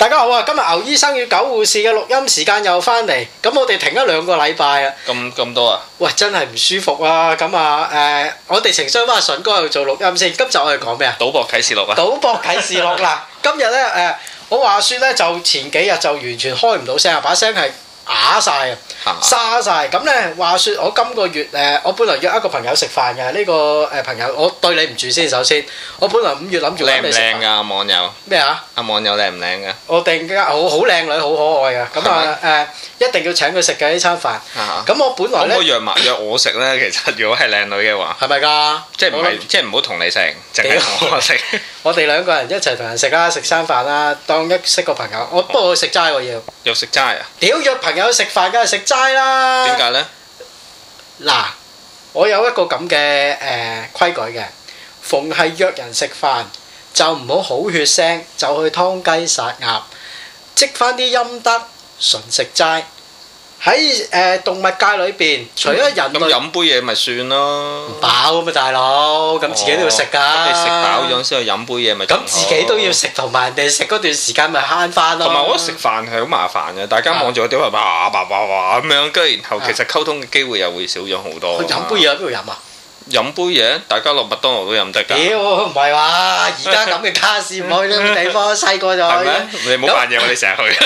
大家好啊！今日牛醫生與狗護士嘅錄音時間又翻嚟，咁我哋停咗兩個禮拜啊。咁咁多啊？喂，真係唔舒服啊！咁啊，誒，我哋成雙翻阿順哥去做錄音先。今集我哋講咩啊？賭博啟示錄啊！賭博啟示錄啦！今日呢，誒，我話說呢，就前幾日就完全開唔到聲啊，把聲係啞晒啊！沙晒咁咧，話說我今個月誒、呃，我本來約一個朋友食飯嘅，呢、這個誒朋友我對你唔住先，首先我本來五月諗住靚唔靚噶網友咩麼啊？阿網友靚唔靚噶？我突然間好好靚女，好可愛噶，咁啊誒，一定要請佢食嘅呢餐飯。咁嗎我本來咁我約埋約我食咧，其實如果係靚女嘅話，係咪噶？即係唔係，不即係唔好同你食，淨係同我食。 我哋兩個人一齊同人食啦，食餐飯啦，當一識個朋友。我不過食齋，哦、我要。又食齋啊！屌，約朋友食飯梗係食齋啦。點解呢？嗱，我有一個咁嘅誒規矩嘅，逢係約人食飯就唔好好血腥，就去劏雞殺鴨，積返啲陰德，純食齋。喺誒、呃、動物界裏邊，除咗人類，飲杯嘢咪算咯？唔飽㗎嘛，大佬，咁自己都要食噶。食、哦、飽咗先去飲杯嘢咪？咁自己都要食，同埋人哋食嗰段時間咪慳翻咯。同埋我覺得食飯係好麻煩嘅，大家望住個碟，話、嗯、哇哇哇哇咁樣，跟住然後其實溝通嘅機會又會少咗好多。去飲杯嘢喺邊度飲啊？飲杯嘢，大家落麥當勞都飲得㗎。妖，唔係話，而家咁嘅卡士唔去呢啲地方，細個就去。你唔好扮嘢，我哋成日去。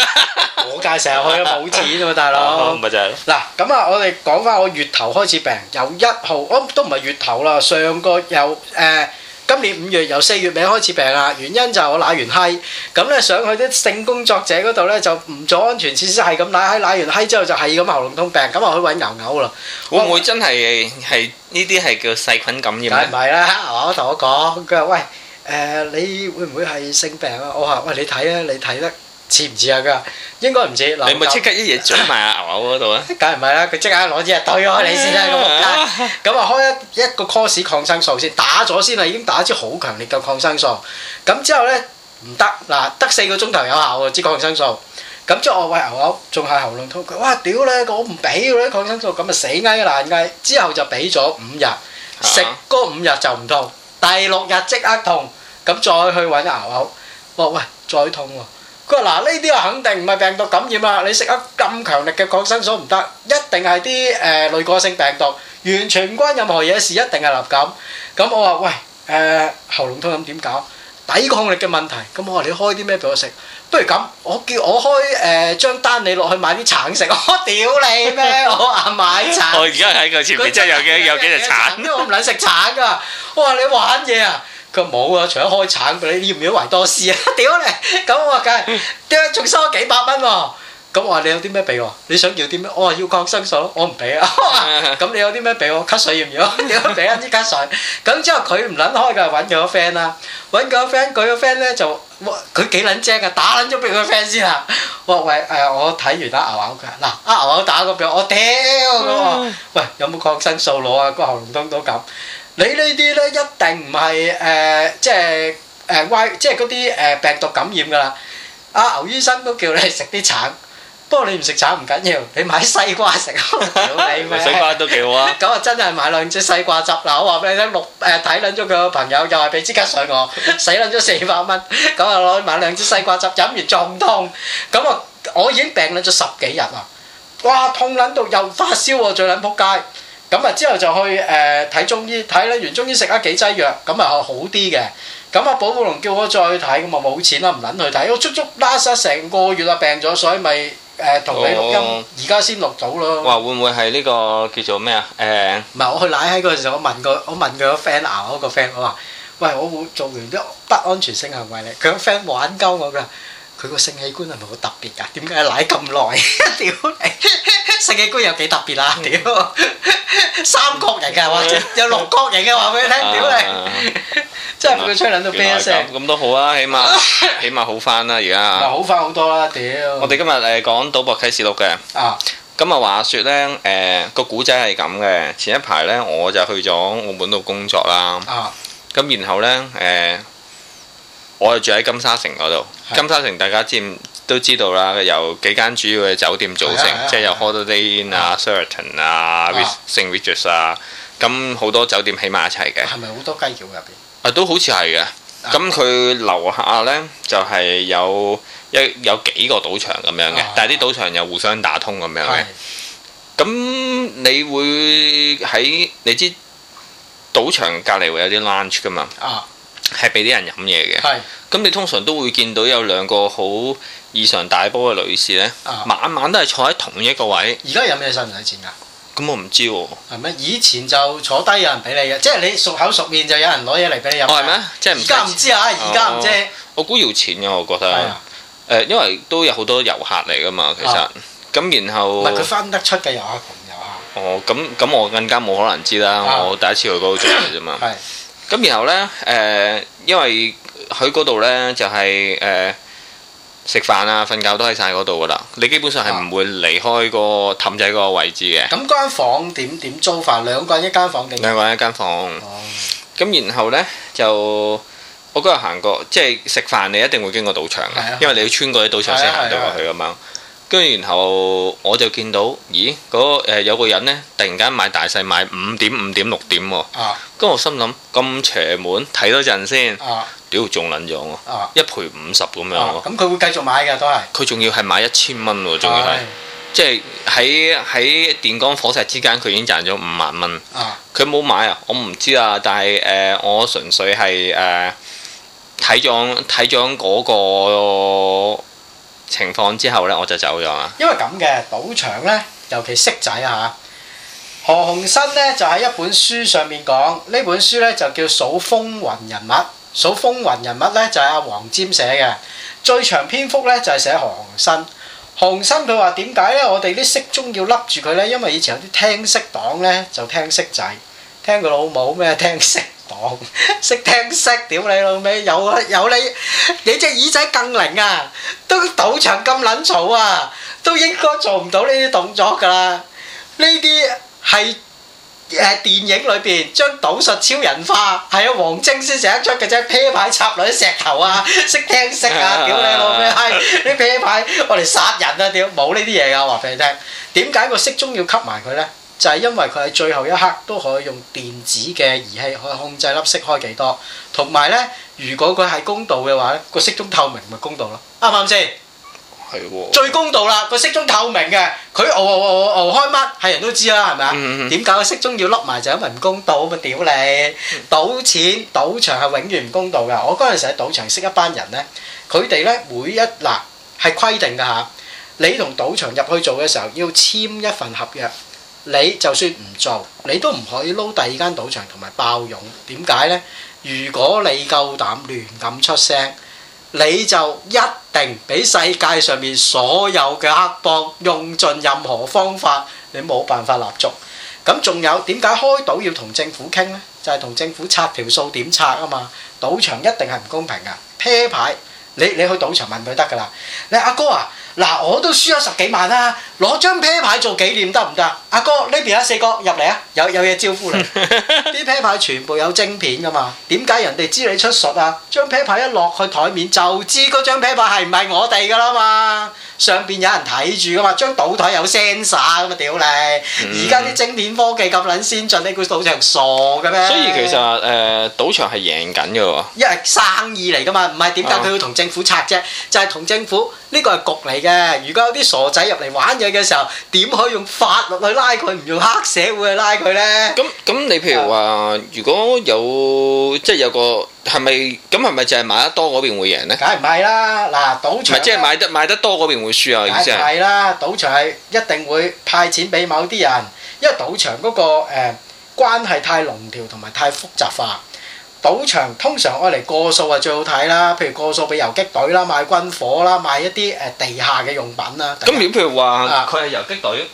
我梗係成日去啊，冇錢啊，大佬。咪就係。嗱咁啊，我哋講翻我月頭開始病，由一號，我都唔係月頭啦，上個有誒。今年五月由四月尾開始病啦，原因就係我奶完閪，咁咧上去啲性工作者嗰度咧就唔做安全設施，係咁奶閪，奶完閪之後就係咁喉嚨痛病，咁啊去揾牛牛咯。會唔會真係係呢啲係叫細菌感染？唔係啦，我同我講，佢話：喂，誒、呃、你會唔會係性病啊？我話：喂，你睇啊，你睇得。似唔似啊？佢話應該唔似。你咪即刻一嘢追埋阿牛牛嗰度啊？梗係唔係啦？佢即刻攞只對開你先啦咁啊！咁啊開一一個 course 抗生素先打咗先啦，已經打支好強烈嘅抗生素。咁之後呢唔得嗱，得四個鐘頭有效喎支抗生素。咁之後我喂牛牛仲係喉嚨痛，佢哇屌你，我唔俾嗰啲抗生素，咁啊死翳難翳。之後就俾咗五日，食嗰五日就唔痛，第六日即刻痛，咁再去揾牛牛，哇喂，再痛喎！佢話：嗱，呢啲啊肯定唔係病毒感染啦，你食咗咁強力嘅抗生素唔得，一定係啲誒濾過性病毒，完全唔關任何嘢事，一定係流感。咁我話：喂，誒喉嚨痛咁點搞？抵抗力嘅問題。咁我話你開啲咩俾我食？不如咁，我叫我開誒張單你落去買啲橙食。我屌你咩？我話買橙。我而家喺佢前面，真係有幾有幾隻橙。因為我唔撚食橙㗎！我話你玩嘢啊！佢冇啊，除咗開診、啊 哦，你要唔要維多斯啊？屌你！咁我話梗係，點解仲收我幾百蚊喎？咁我話你有啲咩俾我？你想叫啲咩？我、哦、話要抗生素，我唔俾啊！咁 你有啲咩俾我？咳水要唔要啊？屌俾一啲咳水。咁 之後佢唔撚開㗎，揾咗 friend 啦，揾咗 friend，佢個 friend 咧就，佢幾撚精啊，打撚咗俾佢 friend 先啊！喂，誒我睇完、啊、牛牛打阿牛，佢話嗱阿牛打個俾我，我屌咁喂，有冇抗生素攞啊？個喉嚨痛都咁。你呢啲咧一定唔係誒，即係誒歪，即係嗰啲誒病毒感染㗎啦。阿牛醫生都叫你食啲橙，不過你唔食橙唔緊要，你買西瓜食。冇理咩。個西瓜都幾好啊。咁啊，真係買兩隻西瓜汁。嗱，我話俾你聽，六誒睇卵咗佢個朋友，又係俾支咳水我，使卵咗四百蚊。咁啊，攞買兩隻西瓜汁飲完仲痛。咁啊，我已經病卵咗十幾日啦。哇，痛卵到又發燒喎，最卵撲街！咁啊，之後就去誒睇中醫，睇啦完中醫食咗幾劑藥，咁啊好啲嘅。咁啊，寶寶龍叫我再去睇，咁啊冇錢啦，唔撚去睇。我足足拉晒成個月啦，病咗，所以咪誒同你錄音，而家先錄到咯。哇！會唔會係呢個叫做咩啊？誒，唔係，我去奶喺嗰陣時，我問個我問佢個 friend 啊，我個 friend 我話：喂，我會做完啲不安全性行為咧，佢個 friend 玩鳩我㗎。佢個性器官係咪好特別㗎？點解賴咁耐？屌，性器官有幾特別啊？屌，三角形嘅話，或者有六角形嘅話，俾你聽，屌你，真係俾佢吹冷到啤一聲。咁都好啊，起碼起碼好翻啦，而家。好翻好多啦，屌！我哋今日誒講《賭博啟事錄》嘅。啊。咁，話説咧，誒個古仔係咁嘅。前一排咧，我就去咗澳門度工作啦。啊。咁然後咧，誒。我就住喺金沙城嗰度，金沙城大家知都知道啦，由幾間主要嘅酒店組成，即係由 Holiday Inn 啊、Sheraton 啊、St. Regis 啊，咁好多酒店起埋一齊嘅。係咪好多雞腳入邊？啊，都好似係嘅。咁佢樓下呢，就係有有有幾個賭場咁樣嘅，但係啲賭場又互相打通咁樣。係。咁你會喺你知賭場隔離會有啲 lunch 噶嘛？係俾啲人飲嘢嘅，咁你通常都會見到有兩個好異常大波嘅女士咧，晚晚都係坐喺同一個位。而家飲嘢使唔使錢噶？咁我唔知喎。係咩？以前就坐低有人俾你嘅，即係你熟口熟面就有人攞嘢嚟俾你飲。我係咩？即係唔知。而家唔知啊，而家唔知。我估要錢嘅，我覺得。係啊。因為都有好多遊客嚟噶嘛，其實。啊。咁然後。唔係，佢分得出嘅遊客同遊客。哦，咁咁我更加冇可能知啦，我第一次去嗰度做嘢啫嘛。係。咁然後呢，誒、呃，因為佢嗰度呢，就係誒食飯啊、瞓覺都喺晒嗰度噶啦。你基本上係唔會離開、嗰個氹仔個位置嘅。咁間、嗯嗰個、房點點租法？兩個人一間房定？兩個人一間房。咁、哦、然後呢，就我嗰日行過，即係食飯你一定會經過賭場、啊、因為你要穿過啲賭場先行到過去咁樣。跟住，然後我就見到，咦，嗰、嗰個呃、有個人呢突然間買大細買五點五點六點喎。啊！跟住我心諗咁邪門，睇多陣先。屌、啊，仲撚咗一賠五十咁樣喎。咁佢、啊、會繼續買嘅都係。佢仲要係買一千蚊喎，仲要係，哎、即係喺喺電光火石之間，佢已經賺咗五萬蚊。佢冇買啊，買我唔知啊，但係誒、呃，我純粹係誒睇咗睇咗嗰個。呃情況之後咧，我就走咗啦。因為咁嘅賭場咧，尤其色仔吓。何鴻燊咧就喺一本書上面講，呢本書咧就叫《數風雲人物》。數風雲人物咧就係阿黃霑寫嘅，最長篇幅咧就係、是、寫何鴻燊。何鴻燊佢話點解咧？我哋啲色盅要笠住佢咧，因為以前有啲聽色黨咧就聽色仔，聽佢老母咩聽色。講識聽識，屌你老味！有啊有你，你隻耳仔更靈啊！都賭場咁捻嘈啊，都應該做唔到呢啲動作噶啦。呢啲係誒電影裏邊將賭術超人化，係阿王晶先寫得出嘅啫。啤牌插落啲石頭啊，識聽識啊，屌你老味閪！啲啤牌我哋殺人啊，屌冇呢啲嘢噶，話俾你聽。點解個骰盅要吸埋佢咧？就係因為佢喺最後一刻都可以用電子嘅儀器去控制粒骰開幾多，同埋咧，如果佢係公道嘅話，個骰盅透明咪公道咯，啱唔啱先？係喎。最公道啦，個骰盅透明嘅，佢敖敖敖開乜係人都知啦，係咪啊？點解骰盅要笠埋？就係因為唔公道咁啊屌你！賭錢賭場係永遠唔公道㗎。我嗰陣時喺賭場識一班人咧，佢哋咧每一嗱係規定㗎嚇，你同賭場入去做嘅時候要簽一份合約。你就算唔做，你都唔可以撈第二間賭場同埋爆勇。點解呢？如果你夠膽亂咁出聲，你就一定俾世界上面所有嘅黑幫用盡任何方法，你冇辦法立足。咁仲有點解開賭要同政府傾呢？就係、是、同政府拆條數點拆啊嘛！賭場一定係唔公平噶。啤牌，你你去賭場問佢得噶啦？你阿哥啊！嗱，我都輸咗十幾萬啦、啊，攞張啤牌做紀念得唔得？阿、啊、哥呢邊啊，四哥入嚟啊，有有嘢招呼你。啲 啤牌全部有晶片噶嘛，點解人哋知你出術啊？張啤牌一落去台面就知嗰張啤牌係唔係我哋噶啦嘛。上邊有人睇住噶嘛？張賭台有 sensor、嗯、sensor 咁啊！屌你，而家啲精點科技咁撚先進，你估賭場傻嘅咩？所以其實誒、呃，賭場係贏緊嘅喎。因為生意嚟噶嘛，唔係點解佢要同政府拆啫？啊、就係同政府呢、呢個係局嚟嘅。如果有啲傻仔入嚟玩嘢嘅時候，點可以用法律去拉佢，唔用黑社會去拉佢呢？咁咁，你譬如話，如果有即係、即係、有個。係咪咁？係咪就係買得多嗰邊會贏咧？梗係唔係啦！嗱，賭場唔係即係買得買得多嗰邊會輸啊！梗係唔係啦，賭場係一定會派錢俾某啲人，因為賭場嗰個誒關係太龍條同埋太複雜化。賭場通常愛嚟過數啊，最好睇啦。譬如過數俾遊擊隊啦，買軍火啦，買一啲誒地下嘅用品啦。咁點譬如話佢係遊擊隊？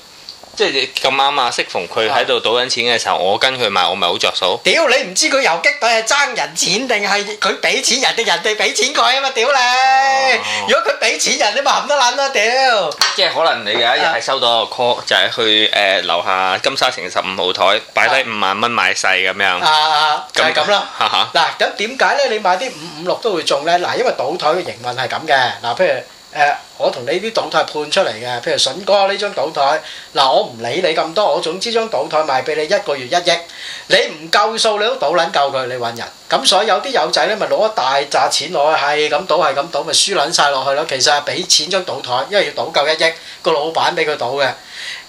即係咁啱啊！適逢佢喺度賭緊錢嘅時候，我跟佢買，我咪好著數。屌你唔知佢遊擊隊係爭人錢定係佢俾錢人哋？人哋俾錢佢啊嘛！屌你，如果佢俾錢人，你咪冚得爛咯！屌。即係可能你有一日係收到個 call，就係去誒樓下金沙城十五號台擺低五萬蚊買細咁樣。啊，就係咁啦。嗱，咁點解咧？你買啲五五六都會中咧？嗱，因為賭枱嘅營運係咁嘅。嗱，譬如。誒，我同你啲賭台判出嚟嘅，譬如筍哥呢張賭台，嗱，我唔理你咁多，我總之張賭台賣俾你一個月一億，你唔夠數你都賭撚夠佢，你揾人。咁所以有啲友仔呢，咪攞大扎錢落去，係咁賭係咁賭，咪輸撚晒落去咯。其實係俾錢張賭台，因為要賭夠一億，個老闆俾佢賭嘅。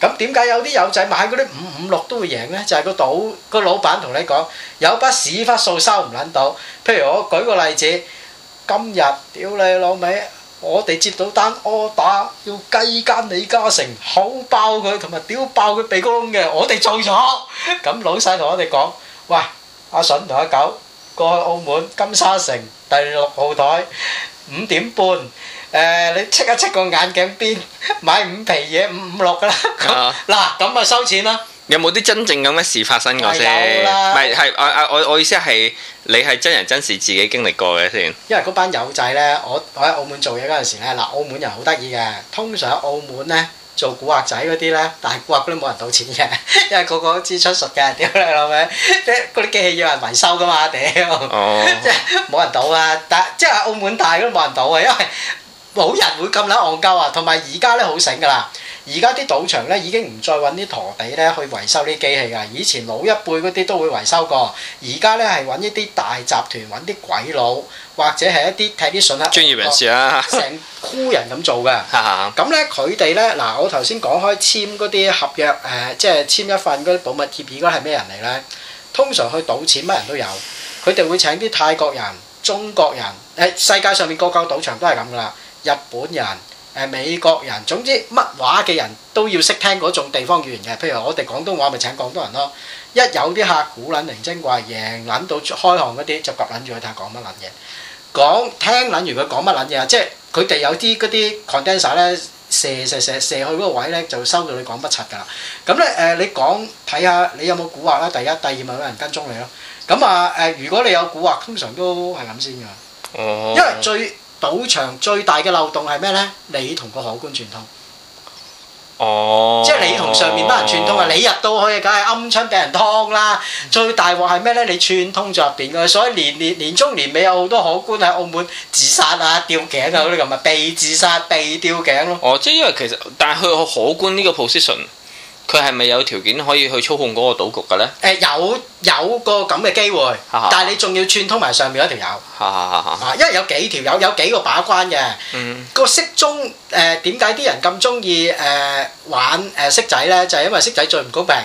咁點解有啲友仔買嗰啲五五六都會贏呢？就係個賭個老闆同你講有筆屎忽數收唔撚到，譬如我舉個例子，今日屌你老味！我哋接到單柯打，要雞奸李嘉誠口爆佢，同埋屌爆佢鼻哥窿嘅，我哋做咗。咁老細同我哋講，喂，阿筍同阿狗過去澳門金沙城第六號台五點半。誒，你戚一戚個眼鏡邊，買五皮嘢五五六㗎啦。嗱，咁啊收錢啦。有冇啲真正咁嘅事發生過先？唔係我我，我意思係你係真人真事自己經歷過嘅先。因為嗰班友仔呢，我我喺澳門做嘢嗰陣時咧，嗱澳門人好得意嘅。通常澳門呢，做古惑仔嗰啲呢，但係古惑都冇人賭錢嘅，因為個個都知出術嘅，屌你老味，嗰啲機器要人維修噶嘛，屌、哦， 即係冇人賭啊！但即係澳門大都冇人賭啊，因為冇人會咁撚戇鳩啊。同埋而家呢好醒噶啦。而家啲賭場咧已經唔再揾啲陀地咧去維修啲機器㗎，以前老一輩嗰啲都會維修過，而家咧係揾一啲大集團揾啲鬼佬，或者係一啲踢啲信用卡專業人士啦、啊，成箍人咁做㗎。咁咧佢哋咧嗱，我頭先講開簽嗰啲合約，誒、呃、即係簽一份嗰啲保密協議嗰係咩人嚟咧？通常去賭錢乜人都有，佢哋會請啲泰國人、中國人，誒、哎、世界上面個個賭場都係咁噶啦，日本人。誒美國人，總之乜話嘅人都要識聽嗰種地方語言嘅，譬如我哋廣東話，咪請廣東人咯。一有啲客古撚靈精怪贏，撚到開行嗰啲就夾撚住佢，睇下講乜撚嘢，講聽撚完佢講乜撚嘢啊！即係佢哋有啲嗰啲 condenser 咧，射射射射去嗰個位咧，就收到你講不齊㗎啦。咁咧誒，你講睇下你有冇古惑啦。第一、第二咪有人跟蹤你咯。咁啊誒，如果你有古惑，通常都係咁先㗎。因為最。賭場最大嘅漏洞係咩呢？你同個荷官串通，哦、即係你同上面班人串通啊！你入到去梗係暗槍俾人劏啦！最大鑊係咩呢？你串通咗入邊㗎，所以年年年中年尾有好多荷官喺澳門自殺啊、吊頸啊嗰啲咁啊，被自殺、被吊頸咯、啊。哦，即係因為其實，但係佢個荷官呢個 position。佢係咪有條件可以去操控嗰個賭局嘅咧？誒、呃、有有個咁嘅機會， 但係你仲要串通埋上面一條友，嚇 因為有幾條友，有幾個把關嘅。嗯。個骰盅誒點解啲人咁中意誒玩誒骰仔咧？就係、是、因為色仔最唔公平。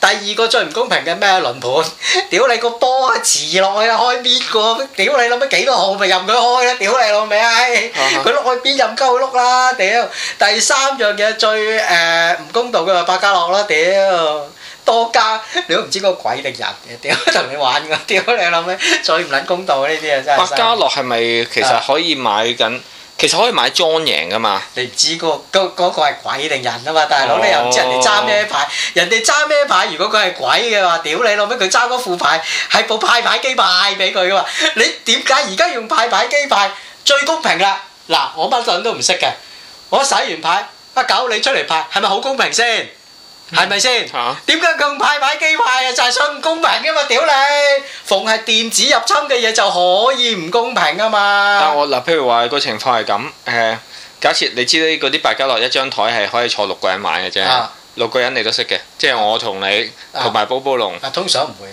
第二個最唔公平嘅咩輪盤，屌 你個波遲落去開邊個？屌你諗咗幾多號咪任佢開啦？屌你老味啊哈！佢開邊任鳩佢碌啦！屌！第三樣嘢最誒唔、呃、公道嘅就百家樂啦！屌多家！你都唔知個鬼定人嘅，點同你玩嘅？屌你諗咩最唔捻公道呢啲嘢真係！百家樂係咪其實可以買緊？啊其實可以買莊贏噶嘛，你唔知、嗰個嗰嗰、嗰個係鬼定人啊嘛，大佬、哦、你又唔知人哋揸咩牌，人哋揸咩牌，如果佢係鬼嘅話，屌你老母，佢揸嗰副牌係部派牌機派俾佢嘅嘛，你點解而家用派牌機派最公平啦？嗱，我乜筍都唔識嘅，我一洗完牌，阿狗你出嚟派，係咪好公平先？係咪先？點解咁快買機派啊？派就係想唔公平噶嘛？屌你，逢係電子入侵嘅嘢就可以唔公平啊嘛！但、啊、我嗱，譬如話個情況係咁，誒、呃，假設你知咧，嗰啲百家樂一張台係可以坐六個人玩嘅啫，啊、六個人你都識嘅，即係我同你同埋寶寶龍，通常唔會。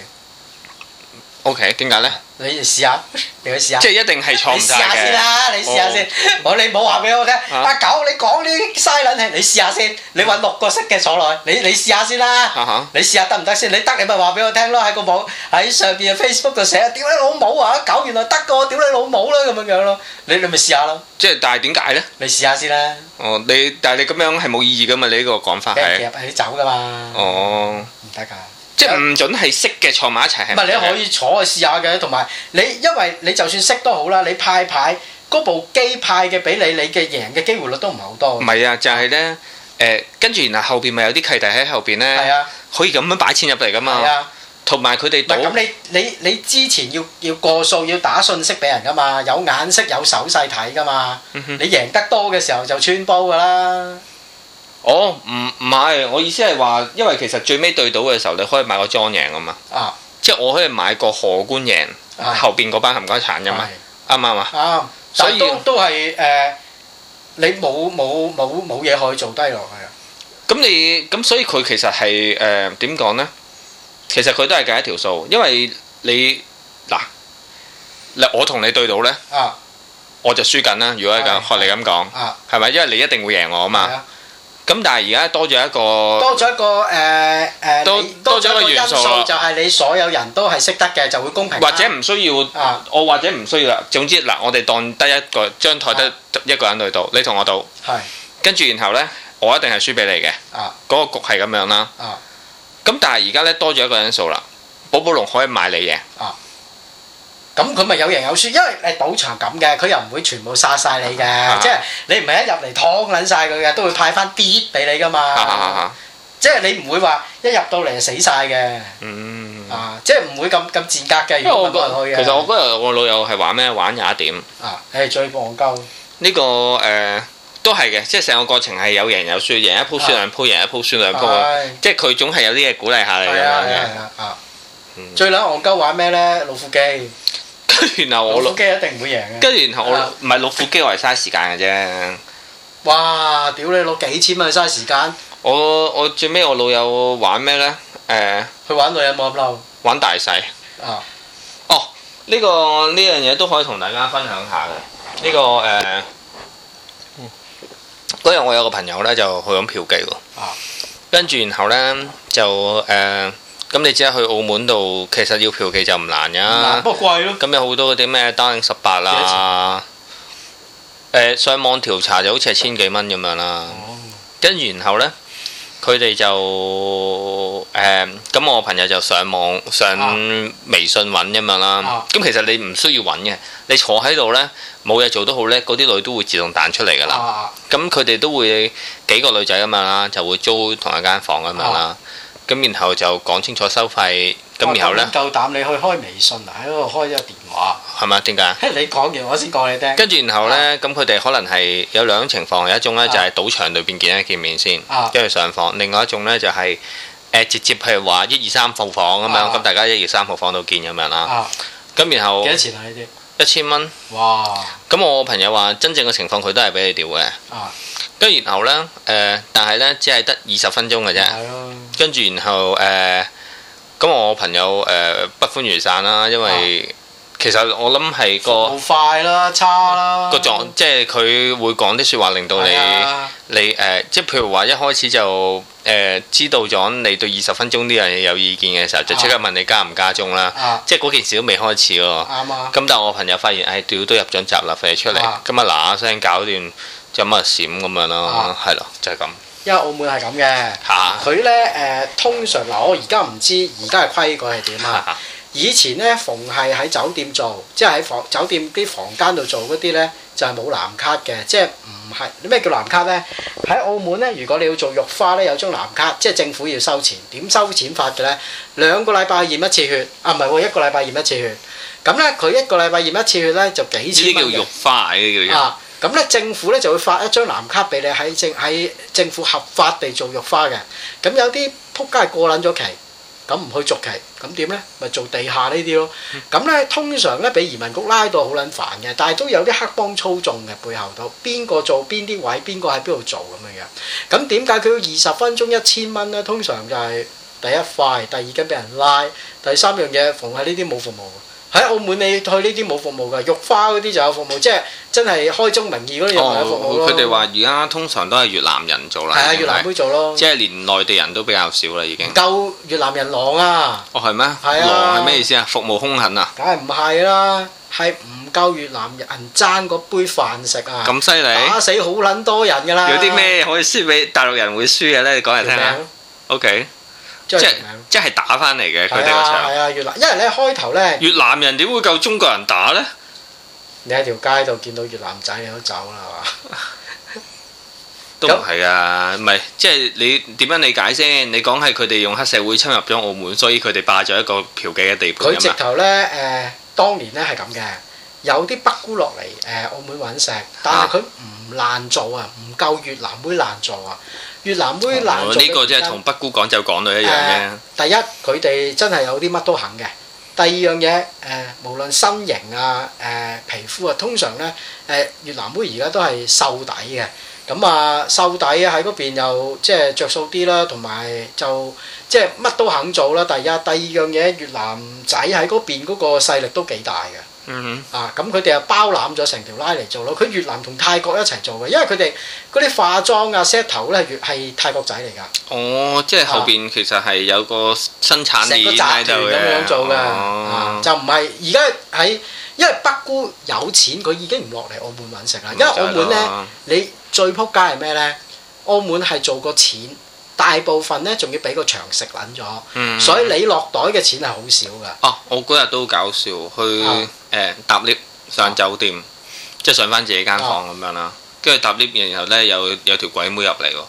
O K，點解呢？你試下，俾佢試下。即係一定係錯嘅。你試下先啦，你試下先。我你唔好話俾我聽。阿狗，你講啲嘥卵嘢，你試下先。你揾六個識嘅坐內，你你試下先啦。嚇嚇。你試下得唔得先？你得你咪話俾我聽咯。喺個網喺上邊 Facebook 度寫，屌你老母啊！狗原來得過，屌你老母啦咁樣樣咯。你你咪試下咯。即係但係點解呢？你試下先啦。哦，你但係你咁樣係冇意義噶嘛？你呢個講法係。一日喺度走噶嘛。哦。唔得噶。即係唔準係識嘅坐埋一齊，係唔係？唔係，你可以坐去試下嘅。同埋你，因為你就算識都好啦，你派牌嗰部機派嘅俾你，你嘅贏嘅機會率都唔係好多。唔係啊，就係咧誒，跟住然後面後邊咪有啲契弟喺後邊咧，啊、可以咁樣擺錢入嚟噶嘛。同埋佢哋，都。咁你你你之前要要過數，要打信息俾人噶嘛，有眼識有手勢睇噶嘛。嗯、哼你贏得多嘅時候就穿煲噶啦。哦，唔唔係，我意思係話，因為其實最尾對賭嘅時候，你可以買個莊贏啊嘛，啊即係我可以買個荷官贏後邊嗰班冚家鏟嘅嘛，啱唔啱啊？啊，但都都係誒，uh, 你冇冇冇冇嘢可以做低落去啊？咁你咁所以佢其實係誒點講咧？其實佢都係計一條數，因為你嗱，我同你對賭咧，啊、我就輸緊啦。如果咁學你咁講，係咪？因為你一定會贏我啊嘛。嗯嗯咁但係而家多咗一個，多咗一個誒誒，呃、多多咗一,一個因素，就係你所有人都係識得嘅，就會公平。或者唔需要啊，我或者唔需要啦。總之嗱，我哋當得一個張台得一個人嚟賭，啊、你同我賭，係跟住然後咧，我一定係輸俾你嘅。嗰、啊、個局係咁樣啦。啊，咁但係而家咧多咗一個因素啦，寶寶龍可以買你嘅、啊。啊。咁佢咪有贏有輸，因為你賭場咁嘅，佢又唔會全部殺晒你嘅，即係你唔係一入嚟劏撚晒佢嘅，都會派翻啲俾你噶嘛，即係你唔會話一入到嚟就死晒嘅，啊，即係唔會咁咁賤格嘅，因為我個其實我嗰日我老友係玩咩？玩廿一點啊，誒最戇鳩呢個誒都係嘅，即係成個過程係有贏有輸，贏一鋪輸兩鋪，贏一鋪輸兩鋪，即係佢總係有啲嘢鼓勵下你嘅。係啊係啊啊！最撚戇鳩玩咩咧？老虎機。跟然後我攞副機一定唔會贏跟住，然後我唔係攞副機，係嘥時間嘅啫。哇！屌你攞幾千咪嘥時間？我我最尾我老友玩咩呢？誒、呃，佢玩女有冇咁嬲，玩大細啊。哦，呢、這個呢樣嘢都可以同大家分享下嘅。呢、這個誒，嗰、呃、日、嗯、我有個朋友呢，就去玩嫖妓喎。跟住、啊、然後呢，就誒。呃咁你知啦，去澳門度其實要嫖妓就唔難噶，唔、嗯、不過貴咯。咁有好多嗰啲咩單應十八啦，誒、呃、上網調查就好似係千幾蚊咁樣啦。哦，跟然後咧，佢哋就誒咁，呃、我朋友就上網上微信揾咁樣啦。咁、啊、其實你唔需要揾嘅，你坐喺度咧，冇嘢做都好叻，嗰啲女都會自動彈出嚟噶啦。咁佢哋都會幾個女仔咁樣啦，就會租同一間房咁樣啦。啊咁然後就講清楚收費，咁、啊、然後呢，夠膽你去開微信喺嗰度開咗電話，係咪？點解？ 你講完我先講你聽。跟住然後呢，咁佢哋可能係有兩種情況，有一種呢就係、是、賭場裏邊見一見面先，跟住上房；另外一種呢就係、是呃、直接係話一二三號房咁、啊、樣，咁大家一二三號房到見咁樣啦。咁然後幾多錢啊？呢啲一千蚊。哇！咁我朋友話真正嘅情況佢都係俾你調嘅。啊啊跟然後咧，誒、呃，但係咧，只係得二十分鐘嘅啫。跟住的然後誒，咁、呃、我朋友誒、呃、不歡而散啦，因為、啊、其實我諗係個快啦，差啦個狀，即係佢會講啲説話令到你的你誒、呃，即係譬如話一開始就誒、呃、知道咗你對二十分鐘呢樣嘢有意見嘅時候，就即刻問你加唔加鐘啦。啊、即係嗰件事都未開始喎。咁、啊、但係我朋友發現，誒、哎、屌都入咗閘啦，飛出嚟，咁啊嗱聲搞掂。啊有乜閃咁樣咯？係咯、啊，就係、是、咁。因為澳門係咁嘅，佢咧誒通常嗱，我而家唔知而家嘅規矩係點啊？以前咧逢係喺酒店做，即係喺房酒店啲房間度做嗰啲咧，就係、是、冇藍卡嘅，即係唔係咩叫藍卡咧？喺澳門咧，如果你要做肉花咧，有張藍卡，即係政府要收錢，點收錢法嘅咧？兩個禮拜驗一次血啊，唔係喎，一個禮拜驗一次血。咁咧佢一個禮拜驗一次血咧，呢次血就幾千蚊嘅。呢啲叫肉花，呢啲叫肉。咁咧，政府咧就會發一張藍卡俾你喺政喺政府合法地做肉花嘅。咁有啲仆街過撚咗期，咁唔去續期，咁點咧？咪做地下呢啲咯。咁咧、嗯、通常咧俾移民局拉到好撚煩嘅，但係都有啲黑幫操縱嘅背後度，邊個做邊啲位，邊個喺邊度做咁樣樣。咁點解佢要二十分鐘一千蚊咧？通常就係第一塊，第二間俾人拉，第三樣嘢逢係呢啲冇服務喺澳門，你去呢啲冇服務㗎，肉花嗰啲就有服務，即係。真係開宗明義嗰啲服務咯。哦，佢哋話而家通常都係越南人做啦。係啊，越南杯做咯。即係連內地人都比較少啦，已經。夠越南人狼啊！哦，係咩？係啊！狼係咩意思啊？服務凶狠啊！梗係唔係啦？係唔夠越南人爭嗰杯飯食啊！咁犀利！打死好撚多人㗎啦！有啲咩可以輸俾大陸人會輸嘅咧？你講嚟聽下。O K。即係即係打返嚟嘅佢哋個場。係啊，越南，因為咧開頭咧。越南人點會夠中國人打咧？你喺條街度見到越南仔，你都走啦，係嘛？都唔係啊，唔係，即係你點樣理解先？你講係佢哋用黑社會侵入咗澳門，所以佢哋霸咗一個嫖妓嘅地盤啊嘛。佢直頭咧誒，當年咧係咁嘅，有啲北姑落嚟誒澳門揾食，但係佢唔難做啊，唔夠越南妹難做啊，越南妹難做。哦，呢個即係同北姑講就講到一樣嘅。第一，佢哋真係有啲乜都肯嘅。第二樣嘢，誒、呃，無論身形啊，誒、呃，皮膚啊，通常呢，誒、呃，越南妹而家都係瘦底嘅，咁啊，瘦底啊喺嗰邊又即係着數啲啦，同埋就即係乜都肯做啦。但係第二樣嘢，越南仔喺嗰邊嗰個勢力都幾大嘅。嗯哼，啊，咁佢哋又包攬咗成條拉嚟做咯。佢越南同泰國一齊做嘅，因為佢哋嗰啲化妝啊、set 頭咧越係泰國仔嚟噶。哦，即係後邊、啊、其實係有個生產鏈，就咁樣做嘅、哦啊，就唔係而家喺，因為北姑有錢，佢已經唔落嚟澳門揾食啦。因為澳門咧，嗯啊、你最仆街係咩咧？澳門係做個錢。大部分咧仲要俾個牆食撚咗，所以你落袋嘅錢係好少噶。哦，我嗰日都搞笑，去誒搭 lift 上酒店，即係上翻自己間房咁樣啦。跟住搭 lift，然後咧有有條鬼妹入嚟喎。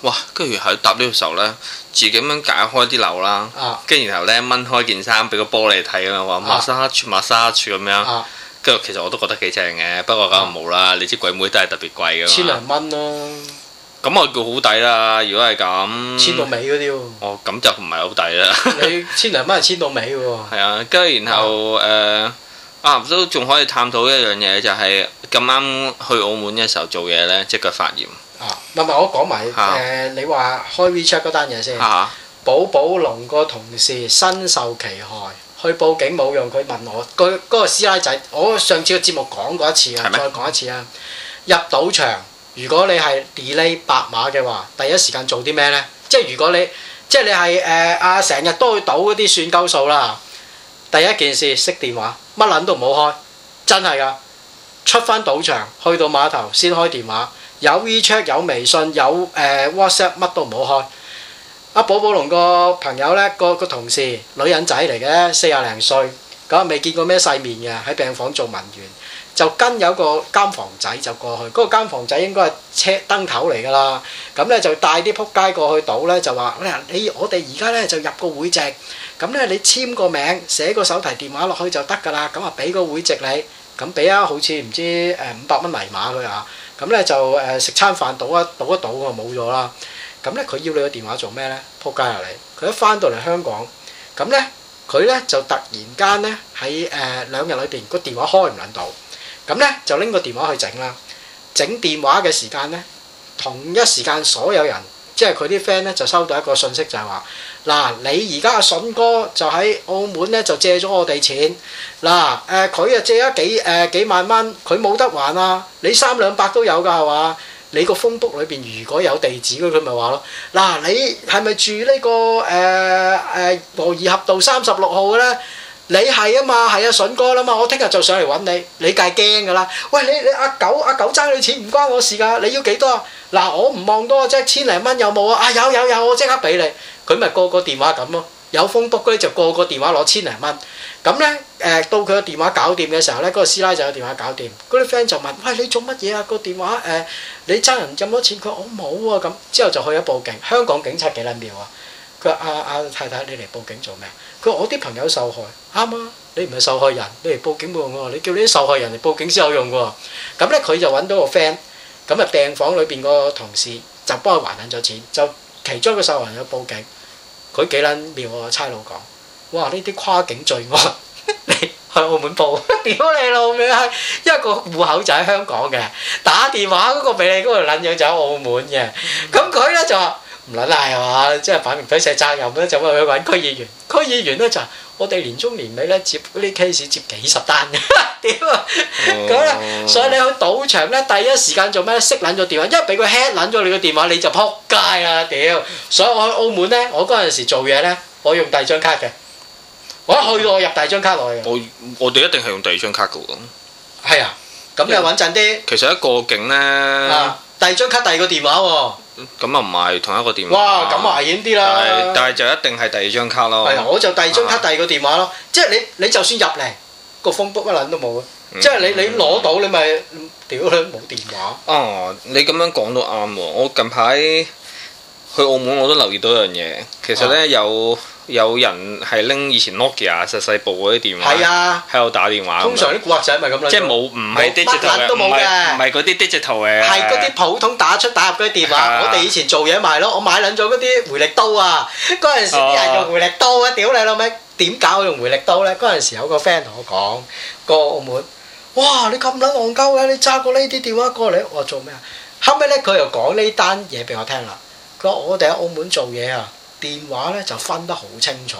哇！跟住喺搭 lift 嘅時候咧，自己咁樣解開啲樓啦，跟住然後咧掹開件衫俾個波嚟睇咁樣，話抹沙處抹沙處咁樣。跟住其實我都覺得幾正嘅，不過梗係冇啦。你知鬼妹都係特別貴噶嘛，千零蚊咯。咁我叫好抵啦！如果係咁，千到尾嗰啲喎。哦，咁、哦、就唔係好抵啦。 你千零蚊係千到尾喎、哦。係啊，跟住然後誒啊、呃、啊都仲可以探討一樣嘢，就係咁啱去澳門嘅時候做嘢咧，即係個發炎。啊，唔係唔係，我講埋誒，你話開 WeChat 嗰單嘢先。嚇、啊！寶寶龍個同事身受其害，去報警冇用，佢問我，佢嗰、嗰個師奶仔，我上次個節目講過一次啊，嗎再講一次啊，入賭場。如果你係 delay 白馬嘅話，第一時間做啲咩呢？即係如果你即係你係誒阿成日都去賭嗰啲算鳩數啦。第一件事熄電話，乜撚都唔好開，真係㗎。出返賭場，去到碼頭先開電話，有 WeChat 有微信有誒、呃、WhatsApp 乜都唔好開。阿寶寶龍個朋友呢，個、嗰個同事女人仔嚟嘅，四廿零歲，咁未見過咩世面嘅，喺病房做文員。就跟有個監房仔就過去，嗰、那個監房仔應該係車燈頭嚟㗎啦。咁咧就帶啲撲街過去賭咧，就話你，誒，我哋而家咧就入個會籍，咁咧你簽個名，寫個手提電話落去就得㗎啦。咁啊俾個會籍你，咁俾啊，好似唔知誒五百蚊泥碼佢啊。咁咧就誒、呃、食餐飯賭啊，賭一賭，冇咗啦。咁咧佢要你個電話做咩咧？撲街嚟，佢一返到嚟香港，咁咧佢咧就突然間咧喺誒兩日裏邊個電話開唔撚到。咁呢，就拎個電話去整啦，整電話嘅時間呢，同一時間所有人即係佢啲 friend 咧就收到一個訊息就，就係話：嗱，你而家阿筍哥就喺澳門呢，就借咗我哋錢，嗱誒佢啊借咗幾誒、呃、幾萬蚊，佢冇得還啊！你三兩百都有㗎係嘛？你個風煲裏邊如果有地址咧，佢咪話咯：嗱，你係咪住呢、呢個誒誒、呃呃、和宜合道三十六號呢？你係啊嘛，係阿筍哥啦嘛，我聽日就上嚟揾你，你梗係驚㗎啦。喂，你你阿狗阿狗爭你錢唔關我事㗎，你要幾多啊？嗱，我唔望多，即係千零蚊有冇啊？啊，有有有，我即刻俾你。佢咪個個電話咁咯，有風卜嗰啲就個個電話攞千零蚊。咁咧誒，到佢個電話搞掂嘅時候咧，嗰個師奶就有個電話搞掂。嗰啲 friend 就問：喂，你做乜嘢啊？個電話誒，你爭人咁多錢，佢話我冇啊咁。之後就去咗報警。香港警察幾撚妙啊！佢話：阿阿太太，你嚟報警做咩？佢話我啲朋友受害，啱啊！你唔係受害人，你嚟報警冇用喎。你叫啲受害人嚟報警先有用喎。咁咧，佢就揾到個 friend，咁啊病房裏邊個同事就幫佢還緊咗錢，就其中一個受害人嚟報警。佢幾撚妙啊？個差佬講：哇！呢啲跨境罪案，你去澳門報屌你老味啊！一個戶口就喺香港嘅，打電話嗰個俾你嗰個撚樣就喺澳門嘅，咁佢咧就。唔撚係嘛，即係擺明推卸責任咧，就去揾區議員。區議員咧就我哋年中年尾咧接嗰啲 case 接幾十單嘅，屌咁啦。所以你去賭場咧，第一時間做咩？熄撚咗電話，因為俾佢 head 撚咗你個電話，你就撲街啦，屌！所以我去澳門咧，我嗰陣時做嘢咧，我用第二張卡嘅。我一去到我入第二張卡內嘅。我我哋一定係用第二張卡嘅喎。係啊，咁又穩陣啲。其實一過境咧，第二張卡第二個電話喎、啊。咁啊，唔係同一個電話。哇，咁危險啲啦！但係就一定係第二張卡咯。係，我就第二張卡第二個電話咯。啊、即係你你就算入嚟，個 phone book 一撚都冇，嗯、即係你你攞到你咪、嗯嗯、屌啦冇電話。啊，你咁樣講都啱喎。我近排去澳門我都留意到一樣嘢，其實咧、啊、有。有人係拎以前 Nokia 細細部嗰啲電話，喺度打電話。通常啲古惑仔咪咁樣。即係冇，唔係 digital，乜嘢都冇嘅。唔係嗰啲 digital 嘅。係嗰啲普通打出打入嗰啲電話。我哋以前做嘢賣咯。我買撚咗嗰啲回力刀啊！嗰陣時啲人用回力刀啊！屌你老味，點搞我用回力刀咧？嗰陣時有個 friend 同我講，個澳門，哇！你咁撚戇鳩嘅，你揸過呢啲電話過嚟，我做咩啊？後尾咧，佢又講呢單嘢俾我聽啦。佢話我哋喺澳門做嘢啊。電話咧就分得好清楚，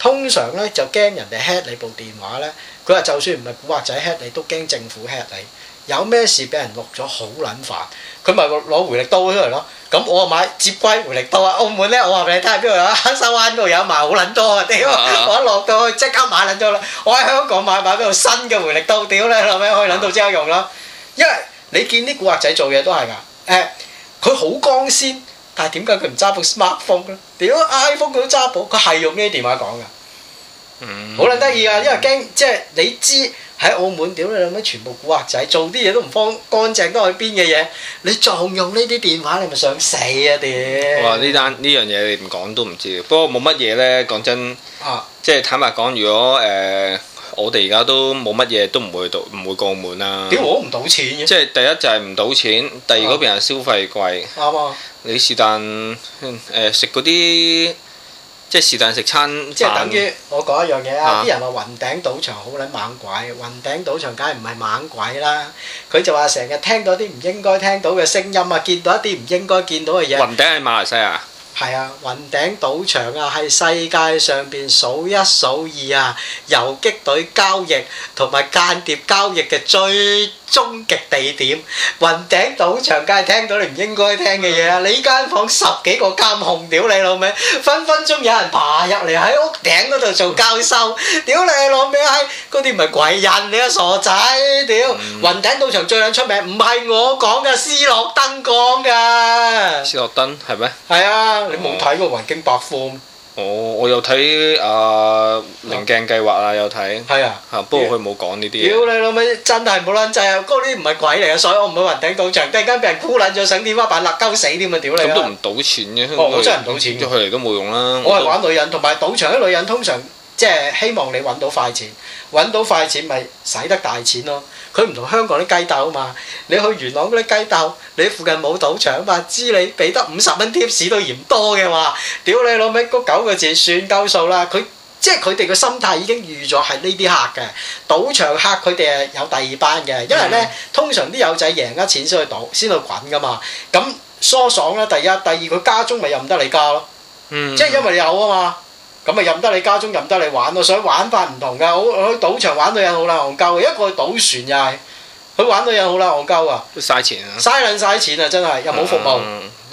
通常咧就驚人哋 hit 你部電話咧。佢話就算唔係古惑仔 hit 你，都驚政府 hit 你。有咩事俾人錄咗好撚煩，佢咪攞回力刀出嚟咯。咁我啊買接歸回力刀啊。澳門咧，我話俾你聽，邊度有啊？黑沙灣嗰度有埋，好撚多啊！屌，我一落到去即刻買撚咗啦。我喺香港買買到新嘅回力刀，屌咧，落尾可以撚到即刻用咯。因為你見啲古惑仔做嘢都係㗎，誒，佢好光鮮。但係點解佢唔揸部 smartphone 咧？屌 iPhone 佢都揸部，佢係用咩電話講噶，好撚得意啊！因為驚即係你知喺澳門屌你老味，全部古惑仔做啲嘢都唔方乾淨，都係邊嘅嘢？你仲用呢啲電話，你咪想死啊！屌！哇、啊！呢單呢樣嘢你唔講都唔知，不過冇乜嘢咧。講真，啊、即係坦白講，如果誒。呃我哋而家都冇乜嘢，都唔會到，唔會過門啦。點我唔賭錢嘅？即係第一就係唔賭錢，第二嗰邊係消費貴。啱、嗯、你是但食嗰啲，即係是但食餐飯，即係等於我講一樣嘢啊！啲人話雲頂賭場好撚猛鬼，雲頂賭場梗係唔係猛鬼啦？佢就話成日聽到啲唔應該聽到嘅聲音啊，見到一啲唔應該見到嘅嘢。雲頂喺馬來西亞。係啊，雲頂賭場啊，係世界上邊數一數二啊，遊擊隊交易同埋間諜交易嘅最終極地點。雲頂賭場梗係聽到你唔應該聽嘅嘢啊，你間房十幾個監控屌你老味，分分鐘有人爬入嚟喺屋頂嗰度做交收，屌你老味，嗰啲唔係鬼人你啊傻仔屌！雲頂賭場最撚出名唔係我講嘅，斯諾登講嘅。斯諾登係咩係啊。你冇睇過雲京百科？哦、我我有睇阿棱鏡計劃啊，有睇。係啊。嚇、啊！不過佢冇講呢啲嘢。屌你老味，真係冇撚制啊！嗰啲唔係鬼嚟啊，所以我唔去雲頂賭場，突然間俾人箍撚咗，想點法辦？辣鳩死添啊！屌你。咁都唔賭錢嘅，我真係唔賭錢。佢嚟女都冇用啦。我係玩女人，同埋賭場啲女人通常即係希望你揾到快錢，揾到快錢咪使得大錢咯。佢唔同香港啲雞竇嘛，你去元朗嗰啲雞竇，你附近冇賭場嘛，知你俾得五十蚊貼士都嫌多嘅話，屌你老味，嗰九個字算夠數啦。佢即係佢哋個心態已經預咗係呢啲客嘅，賭場客佢哋係有第二班嘅，因為咧、嗯、通常啲友仔贏咗錢先去賭，先去滾噶嘛。咁疏爽啦，第一、第二，佢加中咪又唔得你加咯，嗯嗯即係因為你有啊嘛。咁啊，任得你家中，任得你玩咯，想玩法唔同噶，我去賭場玩到又好啦，戇鳩，一個去賭船又係，佢玩到又好啦，戇鳩啊！都嘥錢啊！嘥撚嘥錢啊！真係又冇服務，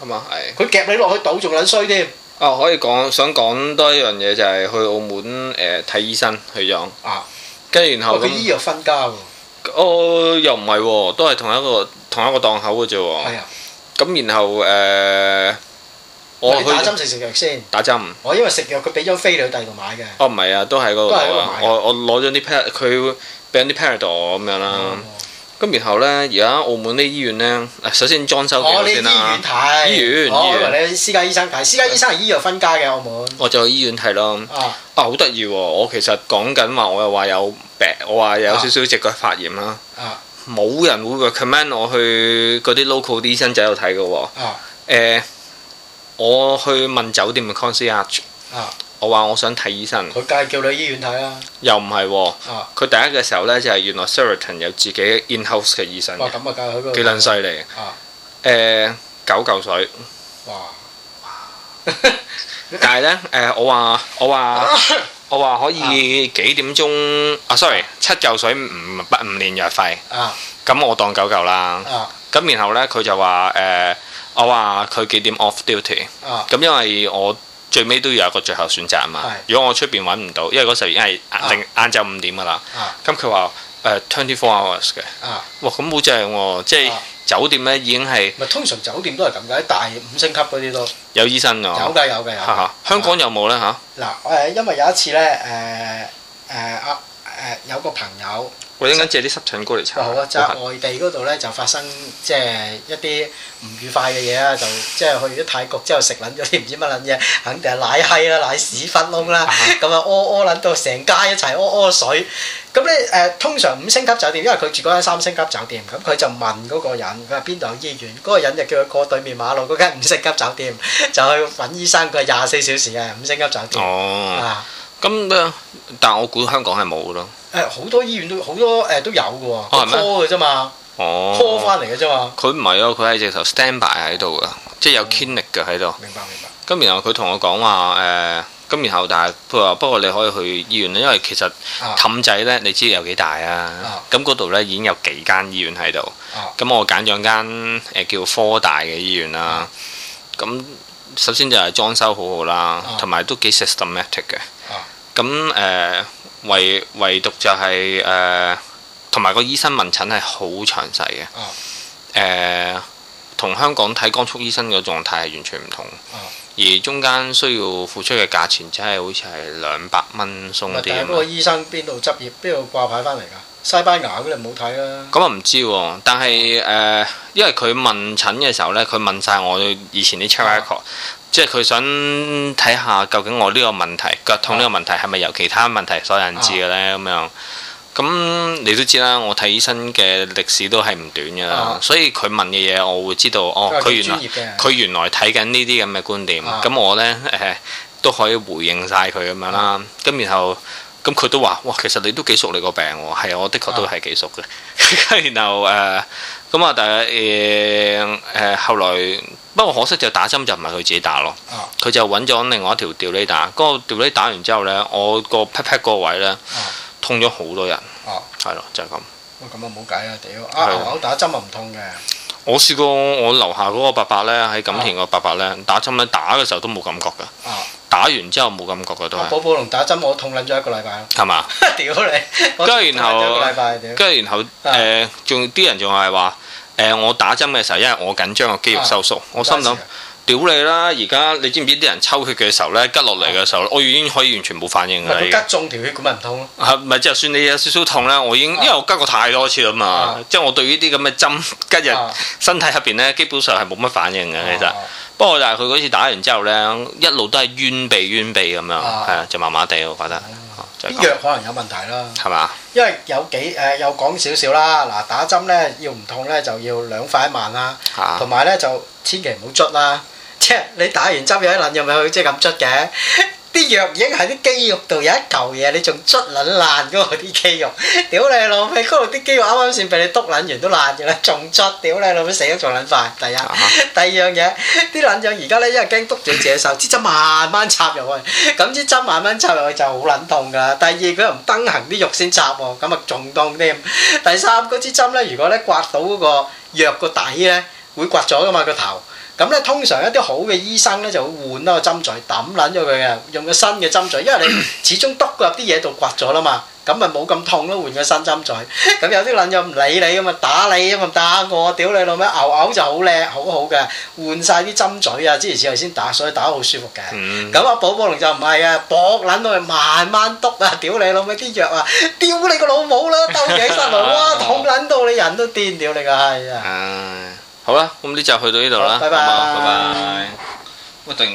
咁啊係。佢是夾你落去賭，仲撚衰添。啊，可以講，想講多一樣嘢就係、是、去澳門誒睇、呃、醫生去養，去咗。啊，跟住然後。佢、啊、那醫藥分家喎。哦，又唔係喎，都係同一個同一個檔口嘅啫喎。係啊。咁然後誒。呃我打針食食藥先，打針。我因為食藥，佢俾張飛去第二度買嘅。哦，唔係啊，都喺嗰度啊。我我攞咗啲 pad，佢俾啲 pad 我咁樣啦。咁然後咧，而家澳門啲醫院咧，首先裝修幾先啦。哦，你醫院睇？醫院醫院。或者私家醫生睇，私家醫生係醫藥分家嘅澳門。我就去醫院睇咯。啊好得意喎！我其實講緊話，我又話有病，我話有少少隻腳發炎啦。冇人會 recommend 我去嗰啲 local 啲醫生仔度睇嘅喎。我去問酒店嘅 Concierge 啊，我話我想睇醫生，佢梗係叫你去醫院睇啦，又唔係喎，佢第一嘅時候咧就係原來 Sheraton 有自己 in-house 嘅醫生嘅，哇咁啊介佢嗰度，幾撚犀利啊，誒九嚿水，哇哇，但係咧誒我話我話我話可以幾點鐘啊？Sorry，七嚿水唔不唔連藥費啊，咁我當九嚿啦，咁然後咧佢就話誒。我話佢幾點 off duty？咁因為我最尾都要有一個最後選擇啊嘛。的如果我出邊揾唔到，因為嗰時候已經係晏晏晝五點噶啦。咁佢話誒 twenty four hours 嘅。Uh, 啊、哇！咁好正喎，啊、即係酒店呢已經係咪通常酒店都係咁嘅，啲大五星級嗰啲都有醫生㗎。有㗎有嘅，有帥哥們。香港有冇呢？嚇？嗱誒，因為有一次呢，誒誒阿誒有個朋友。佢啱啱借啲濕疹膏嚟搽。好啊，即係外地嗰度咧就發生即係一啲唔愉快嘅嘢啊，就即係去咗泰國之後食撚咗啲唔知乜撚嘢，肯定係奶閪啦、奶屎忽窿啦，咁啊屙屙撚到成街一齊屙屙水。咁咧誒，通常五星級酒店，因為佢住嗰間三星級酒店，咁佢就問嗰個人，佢話邊度有醫院？嗰個人就叫佢過對面馬路嗰間五星級酒店就去揾醫生。佢係廿四小時嘅五星級酒店。哦。啊。咁啊，但我估香港係冇咯。誒，好多醫院都好多誒都有嘅喎，科嘅啫嘛，科返嚟嘅啫嘛。佢唔係哦，佢係直頭 stand by 喺度嘅，即係有 clinic 腳喺度。明白明白。咁然後佢同我講話誒，咁然後但係不過不過，你可以去醫院，因為其實氹仔咧你知有幾大啊？咁嗰度咧已經有幾間醫院喺度。咁我揀咗間誒叫科大嘅醫院啦。咁首先就係裝修好好啦，同埋都幾 systematic 嘅。咁誒。唯唯獨就係、是、誒，同、呃、埋個醫生問診係好詳細嘅，誒、啊，同、呃、香港睇光速醫生嘅狀態係完全唔同，啊、而中間需要付出嘅價錢真係好似係兩百蚊鬆啲。但係嗰個醫生邊度執業，邊度掛牌翻嚟㗎？西班牙嗰啲冇睇啊，咁、嗯、啊唔知喎，但係誒、呃，因為佢問診嘅時候咧，佢問晒我以前啲 checkup。啊即係佢想睇下究竟我呢個問題腳痛呢個問題係咪由其他問題所引致嘅呢？咁、啊、樣咁你都知啦，我睇醫生嘅歷史都係唔短㗎、啊、所以佢問嘅嘢，我會知道哦。佢原來佢原來睇緊呢啲咁嘅觀點。咁、啊、我呢、呃，都可以回應晒佢咁樣啦。咁、啊、然後咁佢都話：哇，其實你都幾熟你個病喎、啊。係，我的確都係幾熟嘅。 然後誒。呃咁啊，但係誒誒，後來不過可惜就打針就唔係佢自己打咯，佢就揾咗另外一條吊呢打。嗰個吊呢打完之後咧，我個 pat pat 個位咧痛咗好多人，係咯，就係咁。喂，咁啊冇計啊，屌！啊打針啊唔痛嘅。我試過我樓下嗰個伯伯咧，喺錦田個伯伯咧打針咧打嘅時候都冇感覺㗎，打完之後冇感覺㗎都係。寶寶龍打針我痛緊咗一個禮拜咯，係嘛？屌你！跟住然後，跟住然後誒，仲啲人仲係話。誒，我打針嘅時候，因為我緊張個肌肉收縮，我心諗屌你啦！而家你知唔知啲人抽血嘅時候咧，拮落嚟嘅時候，我已經可以完全冇反應嘅，你拮中條血管咪唔通咯？啊，咪即係算你有少少痛啦。我已經因為我拮過太多次啦嘛，即係我對呢啲咁嘅針拮入身體入邊咧，基本上係冇乜反應嘅。其實不過就係佢嗰次打完之後咧，一路都係冤痹冤痹咁樣，係啊，就麻麻地我覺得。啲藥可能有問題啦，係嘛吧？因為有幾誒、呃，有講少少啦。嗱，打針咧要唔痛咧就要兩塊一萬啦，同埋咧就千祈唔好捽啦。即係你打完針有一輪，又咪去即係咁捽嘅。啲藥已經喺啲肌肉度有一嚿嘢，你仲捽撚爛嗰個啲肌肉，屌你老味！嗰度啲肌肉啱啱先被你篤撚完都爛咗啦，仲捽，屌你老味，死咗！仲撚快，第一，第二樣嘢，啲撚樣而家咧，因為驚篤住自己手，支針慢慢插入去，咁支針慢慢插入去就好撚痛噶。第二佢唔蹬行啲肉先插喎，咁啊仲痛添。第三嗰支針咧，如果咧刮到嗰個藥個底咧，會刮咗噶嘛個頭。咁咧，通常一啲好嘅醫生咧，就會換多個針嘴揼撚咗佢嘅，用個新嘅針嘴，因為你始終篤入啲嘢度刮咗啦嘛，咁咪冇咁痛咯，換個新針嘴。咁有啲撚又唔理你咁啊，打你咁啊，打我，屌你老味！牛牛就好叻，好好嘅，換晒啲針嘴啊，之前之後先打，所以打得好舒服嘅。咁阿寶寶龍就唔係啊，搏撚到去慢慢篤啊，屌你老味，啲藥啊，屌你個老母啦，兜幾身嚟，哇痛撚到你人都癲，屌你個係啊！好啦，咁呢集去到呢度啦，拜拜，拜拜。